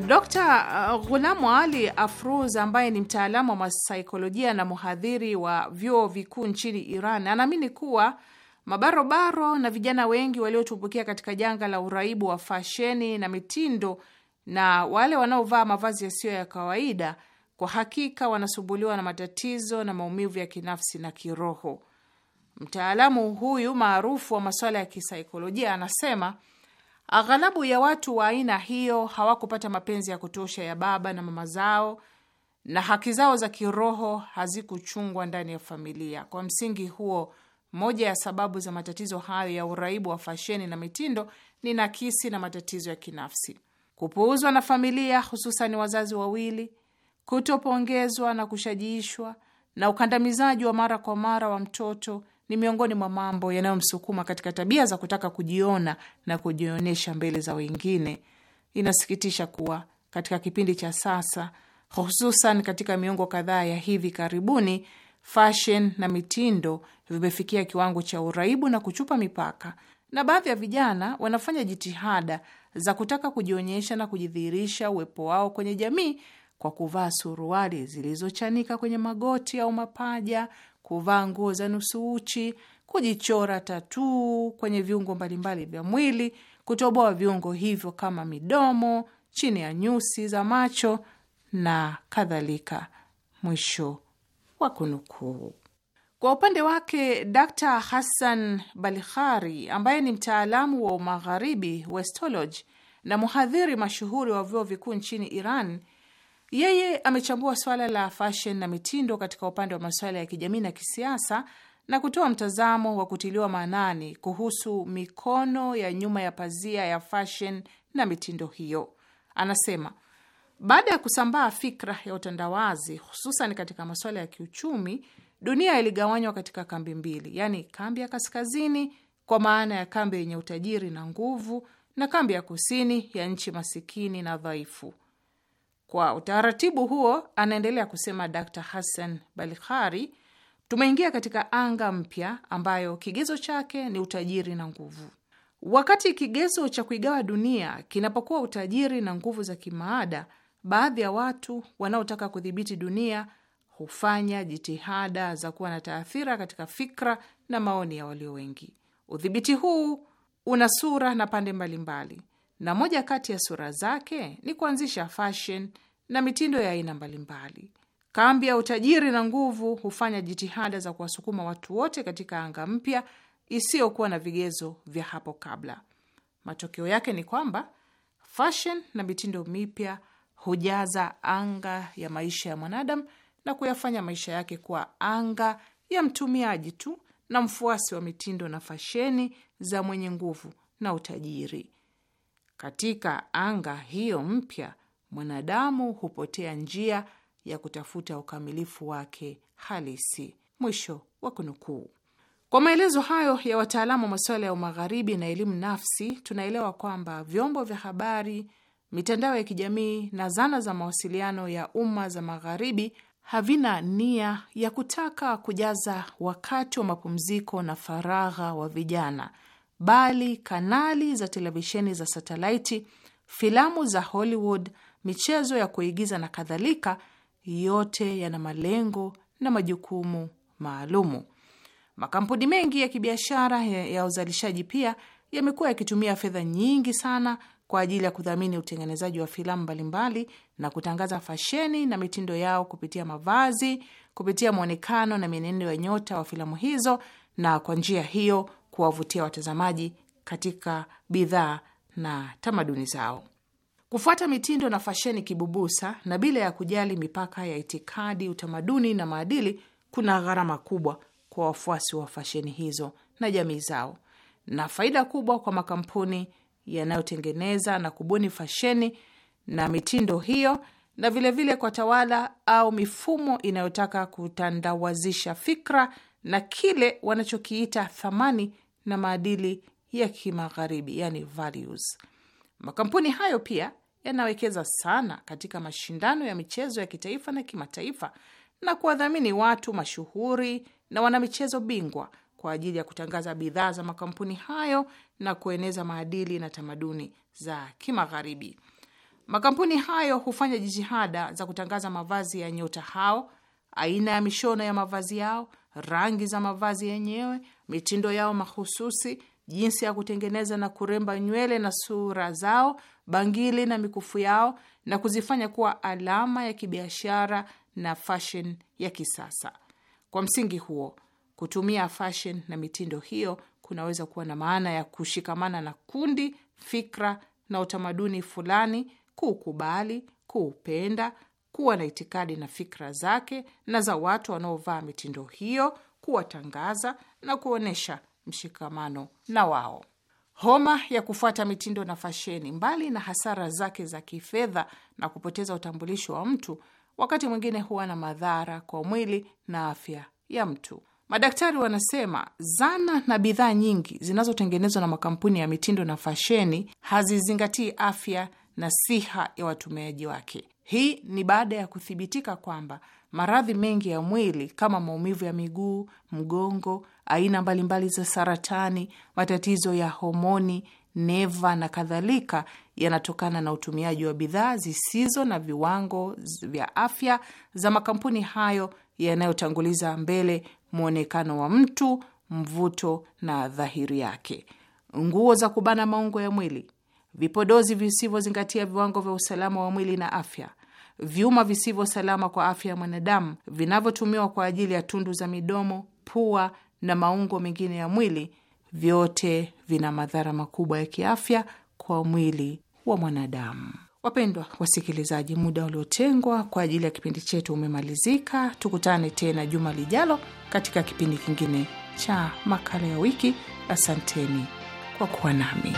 Dr. Uh, Ghulamu Ali Afruz ambaye ni mtaalamu wa masaikolojia na mhadhiri wa vyuo vikuu nchini Iran anaamini kuwa mabarobaro na vijana wengi waliotumbukia katika janga la uraibu wa fasheni na mitindo na wale wanaovaa mavazi yasiyo ya kawaida kwa hakika wanasumbuliwa na matatizo na maumivu ya kinafsi na kiroho. Mtaalamu huyu maarufu wa masuala ya kisaikolojia anasema Aghalabu ya watu wa aina hiyo hawakupata mapenzi ya kutosha ya baba na mama zao na haki zao za kiroho hazikuchungwa ndani ya familia. Kwa msingi huo, moja ya sababu za matatizo hayo ya uraibu wa fasheni na mitindo ni nakisi na matatizo ya kinafsi, kupuuzwa na familia, hususan wazazi wawili, kutopongezwa na kushajiishwa, na ukandamizaji wa mara kwa mara wa mtoto ni miongoni mwa mambo yanayomsukuma katika tabia za kutaka kujiona na kujionyesha mbele za wengine. Inasikitisha kuwa katika kipindi cha sasa, hususan katika miongo kadhaa ya hivi karibuni, fashion na mitindo vimefikia kiwango cha uraibu na kuchupa mipaka, na baadhi ya vijana wanafanya jitihada za kutaka kujionyesha na kujidhihirisha uwepo wao kwenye jamii kwa kuvaa suruali zilizochanika kwenye magoti au mapaja, kuvaa nguo za nusu uchi, kujichora tatuu kwenye viungo mbalimbali vya mwili, kutoboa viungo hivyo kama midomo, chini ya nyusi za macho na kadhalika. Mwisho wa kunukuu. Kwa upande wake Dr Hassan balihari ambaye ni mtaalamu wa umagharibi westology na mhadhiri mashuhuri wa vyuo vikuu nchini Iran, yeye amechambua swala la fashion na mitindo katika upande wa masuala ya kijamii na kisiasa na kutoa mtazamo wa kutiliwa maanani kuhusu mikono ya nyuma ya pazia ya fashion na mitindo hiyo. Anasema baada ya kusambaa fikra ya utandawazi, hususan katika masuala ya kiuchumi, dunia iligawanywa katika kambi mbili, yaani kambi ya kaskazini kwa maana ya kambi yenye utajiri na nguvu, na kambi ya kusini ya nchi masikini na dhaifu. Kwa utaratibu huo, anaendelea kusema Dr Hassan Balikhari, tumeingia katika anga mpya ambayo kigezo chake ni utajiri na nguvu. Wakati kigezo cha kuigawa dunia kinapokuwa utajiri na nguvu za kimaada, baadhi ya watu wanaotaka kudhibiti dunia hufanya jitihada za kuwa na taathira katika fikra na maoni ya walio wengi. Udhibiti huu una sura na pande mbalimbali mbali na moja kati ya sura zake ni kuanzisha fashion na mitindo ya aina mbalimbali. Kambi ya utajiri na nguvu hufanya jitihada za kuwasukuma watu wote katika anga mpya isiyokuwa na vigezo vya hapo kabla. Matokeo yake ni kwamba fashion na mitindo mipya hujaza anga ya maisha ya mwanadamu na kuyafanya maisha yake kuwa anga ya mtumiaji tu na mfuasi wa mitindo na fasheni za mwenye nguvu na utajiri. Katika anga hiyo mpya, mwanadamu hupotea njia ya kutafuta ukamilifu wake halisi. Mwisho wa kunukuu. Kwa maelezo hayo ya wataalamu wa masuala ya umagharibi na elimu nafsi, tunaelewa kwamba vyombo vya habari, mitandao ya kijamii na zana za mawasiliano ya umma za magharibi havina nia ya kutaka kujaza wakati wa mapumziko na faragha wa vijana, bali kanali za televisheni za satelaiti, filamu za Hollywood, michezo ya kuigiza na kadhalika, yote yana malengo na majukumu maalumu. Makampuni mengi ya kibiashara ya, ya uzalishaji pia yamekuwa yakitumia fedha nyingi sana kwa ajili ya kudhamini utengenezaji wa filamu mbalimbali na kutangaza fasheni na mitindo yao kupitia mavazi, kupitia mwonekano na mienendo ya nyota wa filamu hizo, na kwa njia hiyo kuwavutia watazamaji katika bidhaa na tamaduni zao. Kufuata mitindo na fasheni kibubusa na bila ya kujali mipaka ya itikadi, utamaduni na maadili kuna gharama kubwa kwa wafuasi wa fasheni hizo na jamii zao, na faida kubwa kwa makampuni yanayotengeneza na kubuni fasheni na mitindo hiyo, na vilevile vile kwa tawala au mifumo inayotaka kutandawazisha fikra na kile wanachokiita thamani na maadili ya kimagharibi, yani values. Makampuni hayo pia yanawekeza sana katika mashindano ya michezo ya kitaifa na kimataifa na kuwadhamini watu mashuhuri na wanamichezo bingwa kwa ajili ya kutangaza bidhaa za makampuni hayo na kueneza maadili na tamaduni za kimagharibi. Makampuni hayo hufanya jitihada za kutangaza mavazi ya nyota hao, aina ya mishono ya mavazi yao rangi za mavazi yenyewe, mitindo yao mahususi, jinsi ya kutengeneza na kuremba nywele na sura zao, bangili na mikufu yao, na kuzifanya kuwa alama ya kibiashara na fashion ya kisasa. Kwa msingi huo, kutumia fashion na mitindo hiyo kunaweza kuwa na maana ya kushikamana na kundi, fikra na utamaduni fulani, kuukubali, kuupenda kuwa na itikadi na fikra zake na za watu wanaovaa mitindo hiyo, kuwatangaza na kuonyesha mshikamano na wao. Homa ya kufuata mitindo na fasheni, mbali na hasara zake za kifedha na kupoteza utambulisho wa mtu, wakati mwingine huwa na madhara kwa mwili na afya ya mtu. Madaktari wanasema zana na bidhaa nyingi zinazotengenezwa na makampuni ya mitindo na fasheni hazizingatii afya na siha ya watumiaji wake. Hii ni baada ya kuthibitika kwamba maradhi mengi ya mwili kama maumivu ya miguu, mgongo, aina mbalimbali za saratani, matatizo ya homoni, neva na kadhalika yanatokana na utumiaji wa bidhaa zisizo na viwango vya afya za makampuni hayo yanayotanguliza mbele mwonekano wa mtu, mvuto na dhahiri yake. Nguo za kubana maungo ya mwili, vipodozi visivyozingatia viwango vya usalama wa mwili na afya, vyuma visivyo salama kwa afya ya mwanadamu vinavyotumiwa kwa ajili ya tundu za midomo, pua na maungo mengine ya mwili, vyote vina madhara makubwa ya kiafya kwa mwili wa mwanadamu. Wapendwa wasikilizaji, muda uliotengwa kwa ajili ya kipindi chetu umemalizika. Tukutane tena juma lijalo katika kipindi kingine cha makala ya wiki. Asanteni kwa kuwa nami.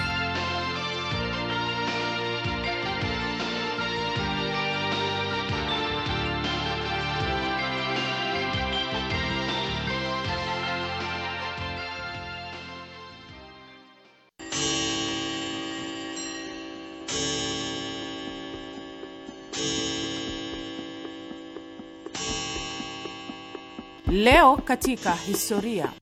Leo katika historia.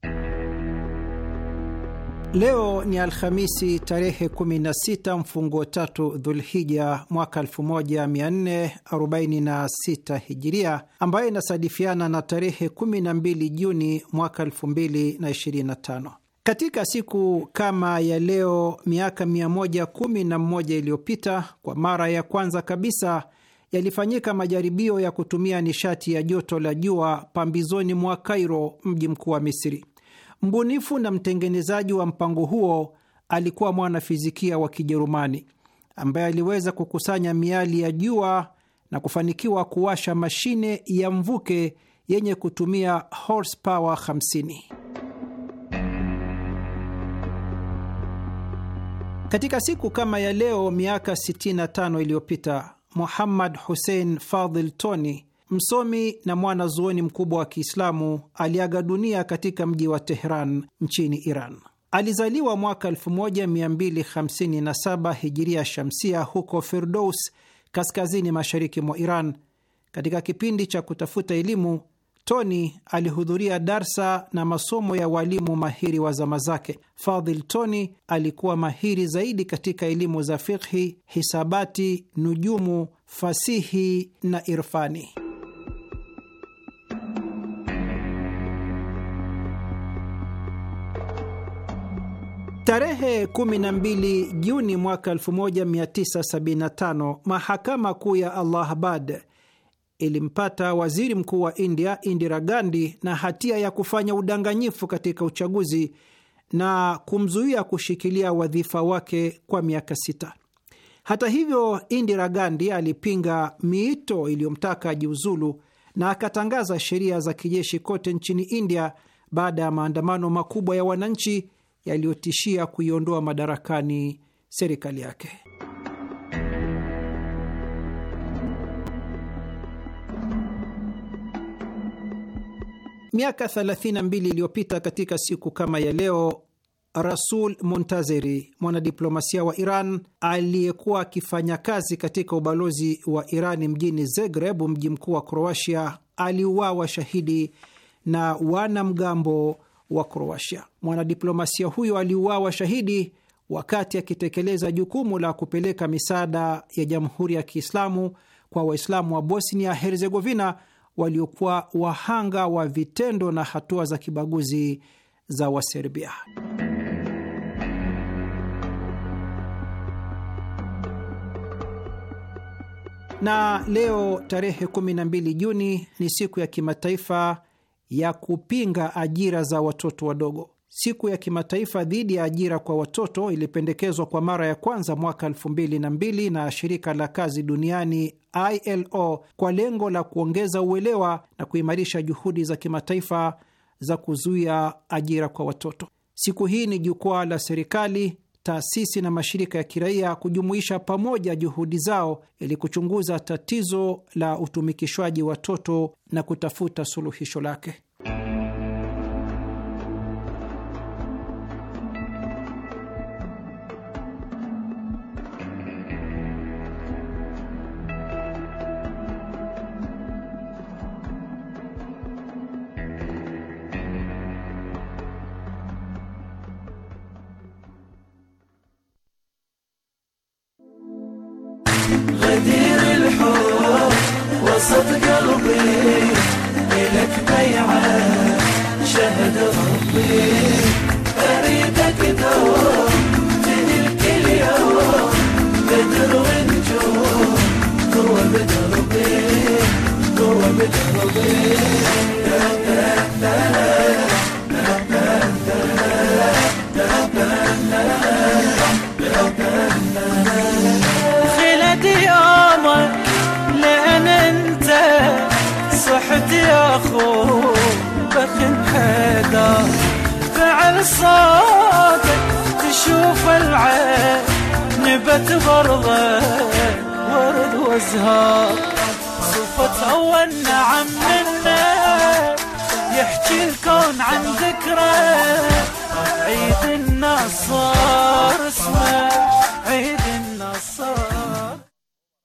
Leo ni Alhamisi tarehe 16 mfungo tatu Dhulhija mwaka 1446 Hijiria, ambayo inasadifiana na tarehe 12 Juni mwaka 2025. Katika siku kama ya leo miaka 111 iliyopita, kwa mara ya kwanza kabisa yalifanyika majaribio ya kutumia nishati ya joto la jua pambizoni mwa Kairo, mji mkuu wa Misri. Mbunifu na mtengenezaji wa mpango huo alikuwa mwanafizikia wa Kijerumani ambaye aliweza kukusanya miali ya jua na kufanikiwa kuwasha mashine ya mvuke yenye kutumia horsepower 50. Katika siku kama ya leo miaka 65 iliyopita Muhammad Hussein Fadhil tony msomi na mwana zuoni mkubwa wa Kiislamu, aliaga dunia katika mji wa Tehran nchini Iran. Alizaliwa mwaka 1257 hijiria shamsia huko Firdaus, kaskazini mashariki mwa Iran. Katika kipindi cha kutafuta elimu Tony alihudhuria darsa na masomo ya walimu mahiri wa zama zake. Fadhil Tony alikuwa mahiri zaidi katika elimu za fikhi, hisabati, nujumu, fasihi na irfani. Tarehe 12 Juni mwaka 1975 mahakama kuu ya Allahabad ilimpata waziri mkuu wa India Indira Gandhi na hatia ya kufanya udanganyifu katika uchaguzi na kumzuia kushikilia wadhifa wake kwa miaka sita. Hata hivyo, Indira Gandhi alipinga miito iliyomtaka ajiuzulu na akatangaza sheria za kijeshi kote nchini India baada ya maandamano makubwa ya wananchi yaliyotishia kuiondoa madarakani serikali yake. Miaka 32 iliyopita katika siku kama ya leo, Rasul Montazeri, mwanadiplomasia wa Iran aliyekuwa akifanya kazi katika ubalozi wa Iran mjini Zagreb, mji mkuu wa Kroatia, aliuawa shahidi na wanamgambo wa Kroatia. Mwanadiplomasia huyo aliuawa shahidi wakati akitekeleza jukumu la kupeleka misaada ya Jamhuri ya Kiislamu kwa Waislamu wa Bosnia Herzegovina waliokuwa wahanga wa vitendo na hatua za kibaguzi za Waserbia. Na leo tarehe 12 Juni ni siku ya kimataifa ya kupinga ajira za watoto wadogo siku ya kimataifa dhidi ya ajira kwa watoto ilipendekezwa kwa mara ya kwanza mwaka elfu mbili na mbili na shirika la kazi duniani ILO kwa lengo la kuongeza uelewa na kuimarisha juhudi za kimataifa za kuzuia ajira kwa watoto. Siku hii ni jukwaa la serikali, taasisi na mashirika ya kiraia kujumuisha pamoja juhudi zao ili kuchunguza tatizo la utumikishwaji watoto na kutafuta suluhisho lake.